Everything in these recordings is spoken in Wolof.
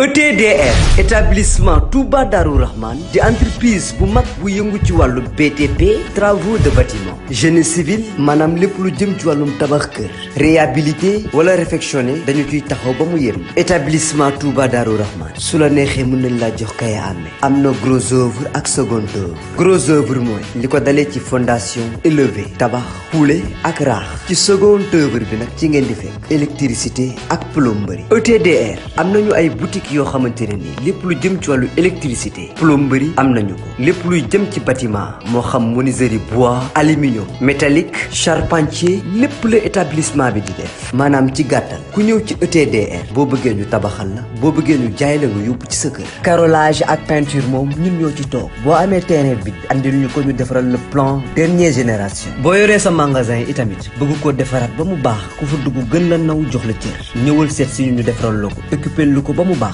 ETDR établissement Touba Darou Rahman di entreprise bu mag bu yëngu ci wàllu BTP travaux de bâtiment génie civil maanaam lépp lu jëm ci wàllum tabax kër réhabilité wala réfectionné dañu ciy taxaw ba mu yem établissement Touba Darou Rahman su la neexee mën nañ laa jox kaya amee am na gros ak second œuvre gros œuvre mooy li ko dalee ci fondation élevé tabax xuule ak raax ci second bi nag ci ngeen di fekk électricité ak plomberie ETDR am nañu ay boutique yoo xamante ne nii lépp lu jëm ci wàllu électricité plomberie am nañu ko lépp luy jëm ci bâtiment moo xam menuiserie bois aluminium métallique charpentier lépp la établissement bi di def maanaam ci gàttal ku ñëw ci ETDR boo bëggee ñu tabaxal la boo bëggee ñu jaay la nga yóbbu ci sa kër carrelage ak peinture moom ñun ñoo ci toog boo amee terrain bi andil ñu ko ñu defaral le plan dernière génération boo yoree sa magasin itamit bëgg ko defaraat ba mu baax ku fa dugg gën la naw jox la cër ñëwal seet si ñu defaral la ko occupé lu ko ba mu baax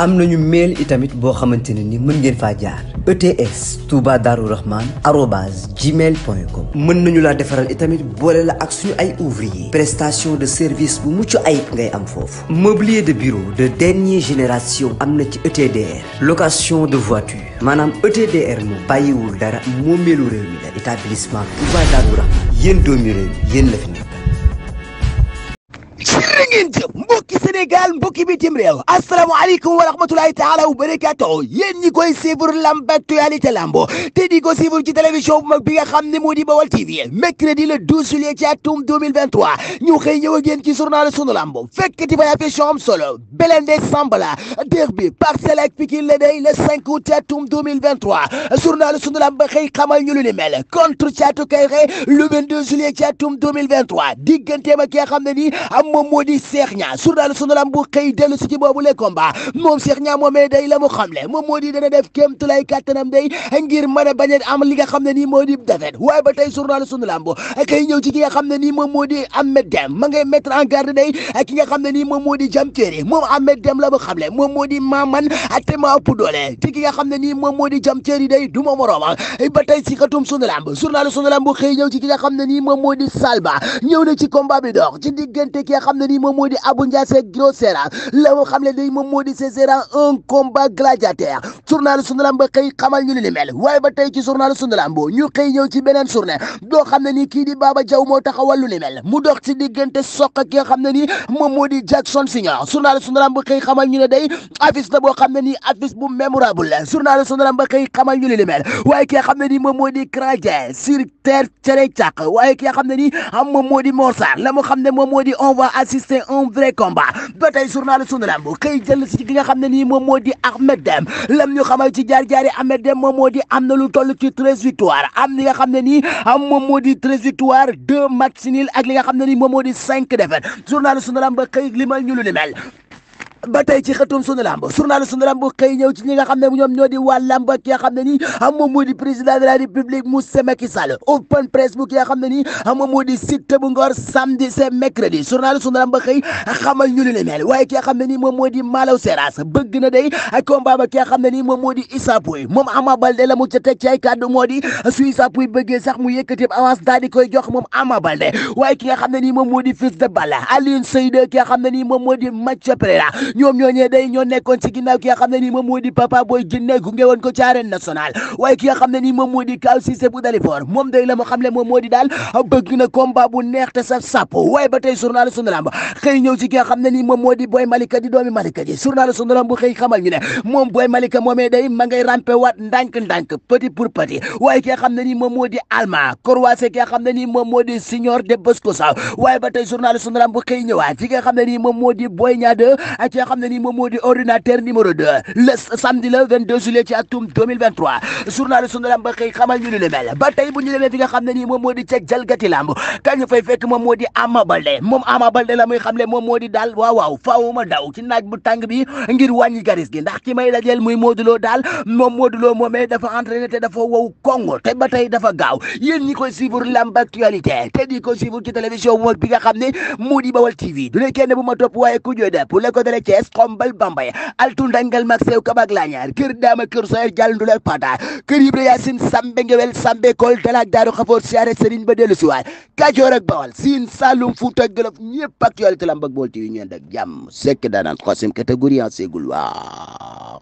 am na ñu mail itamit boo xamante ne ni mën ngeen faa jaar ETS Touba Darou Rahman arobase gmail point com mën nañu laa defaral itamit boole la ak suñu ay ouvrier prestation de service bu mucc ay ngay am foofu mobilier de bureau de dernière génération am na ci ETDR location de voiture maanaam ETDR moom bàyyiwul dara moomeelu réew mi la établissement Touba Darou Rahman yéen doomi réew mi yéen la jërë ngeen jëf mbokki Sénégal mbokki bitim réew asalaamaaleykum wa rahmatulahi taala wa barakaatu yéen ñi koy suivre lamb actualité lambo te di ko suivre ci télévision bu mag bi nga xam ne moo di Bawal TV mercredi le 12 juillet ci atum 2023 ñu xëy ñëw ak yéen ci journal sunu lambo fekk ci benn affiche am solo Belende Sambala derby Parcelles ak Pikine la day le 5 août ci atum 2023 journal sunu lamb xëy xamal ñu lu ni mel contre ci atum 2023 digganteem ak ki nga xam moo di Cheikh Niang journal sunu lamb bu xëy dellu si ci boobu le combat moom Cheikh Niang moomee day la mu xamle moom moo di dana def kéem tolluwaay day ngir mën a bañ a am li nga xam ne nii moo di defet waaye ba tey journal sunu lamb bu xëy ñëw ci ki nga xam ne nii moom moo la mu xamle moom moo maaman te maa ëpp doole te ki nga xam ne nii moom moo di Jam day du ma moroomam ba si katum sunu lamb journal sunu lamb bu xëy ñëw ci ki nga xam ne nii moom moo Salba nii moom moo di Abou Ndiassé la mu xam day moom moo di ce sera un combat gladiateur journal Sunu ba xëy xamal ñu li mel waaye ba tey ci journal Sunu Lamb bo ñu xëy ñëw ci beneen journée doo xam ne nii kii di Baba Diaw moo taxawal lu ni mel mu dox ci diggante soq ki xam ne ni moom moo di Jackson Senior journal Sunu Lamb ba xëy xamal ñu ne day affiche la boo xam ne ni affiche bu mémorable la journal Sunu Lamb ba xëy xamal ñu li mel waaye ki nga xam ne nii moom moo di Kradje sur terre xam ne nii moom moo ne moom moo assister un vrai combat ba tey journal sunu lamb xëy jël si ki nga xam ne nii moom moo di Ahmed Deme lam ñu xamal ci jaar-jaari Ahmed Deme moom moo di am na lu toll ci treize victoire am li nga xam ne nii am moom moo di treize victoire deux matchs nuls ak li nga xam ne nii moom moo di cinq défaites journal sunu lamb xëy limal ñu lu ni mel ba tey ci xëtum sunu lamb journal sunu lamb xëy ñëw ci ñi nga xam ne ñoom ñoo di waa lamb ki nga xam ne nii am moom di président de la république Moussa Macky Sall open press ki xam ne nii am moom moo di Siteu bu Ngor samedi c'est mercredi journal sunu lamb xëy xamal ñu lu ne mel waaye ki xam ne nii moom moo di Malaw a bëgg na day ak combat ba ki xam ne nii moom moo di Issa moom Ama Baldé la mu ca teg ci moo di su Issa Pouye bëggee sax mu yëkkati avance daal di moom Ama Baldé xam ne nii moo di fils xam ne nii moom moo di ñoom ñooñee day ñoo nekkoon ci ginnaaw ki nga xam ne nii moom moo di papa booy jinne gunge woon ko ci arène nationale waaye ki nga xam ne nii moom moo di Kaw Cissé bu Dalifort moom day la mu xam ne moom moo di daal na combat bu neex te saf waaye ba tey journal sunu moo di Boy Malika di bu xëy xamal ñu ne Boy Malika moomee day ma rampe waat ndànk-ndànk petit pour petit waaye ki nga xam ne nii moom moo di Alma croisé ki nga xam ne nii moom moo de Bosco Saw waaye ba tey journal sunu lamb bu xëy ñëwaat ki nga xam moo di nga xam ne nii moom moo di ordinateur numéro 2 le samedi le 22 juillet ci atum 2023 journal sunu lamb ba xëy xamal ba tey xam ne nii moom moo di ca jalgati lamb kañu fay fekk moom moo Ama Baldé moom Ama Baldé la muy xamle moom moo di daal waaw waaw faaw ma daw ci naaj bu tàng bi ngir wàññi garis gi ndax ki may dajeel muy Modou Lo daal moom Modou Lo moomee dafa entraîné te dafa wow kongo te ba tey dafa gaaw yéen ñi koy suivre lamb ko suivre ci télévision bu mag Thiès xombal bambay altu ndangal mag sew kabak lañaar kër daama kër soyer jàll ndulal pata kër Ibra Yaasin sambe ngewel sambe kool dalaak daaru xafoor siyaare sëriñ ba dellu siwaat Kajoor ak Bawal Siin Saalum Fuuta Jolof ñëpp ak yoolu te lambak bool ti yu ñeen ak jàmm sekk daanaan troisième catégorie segul waaw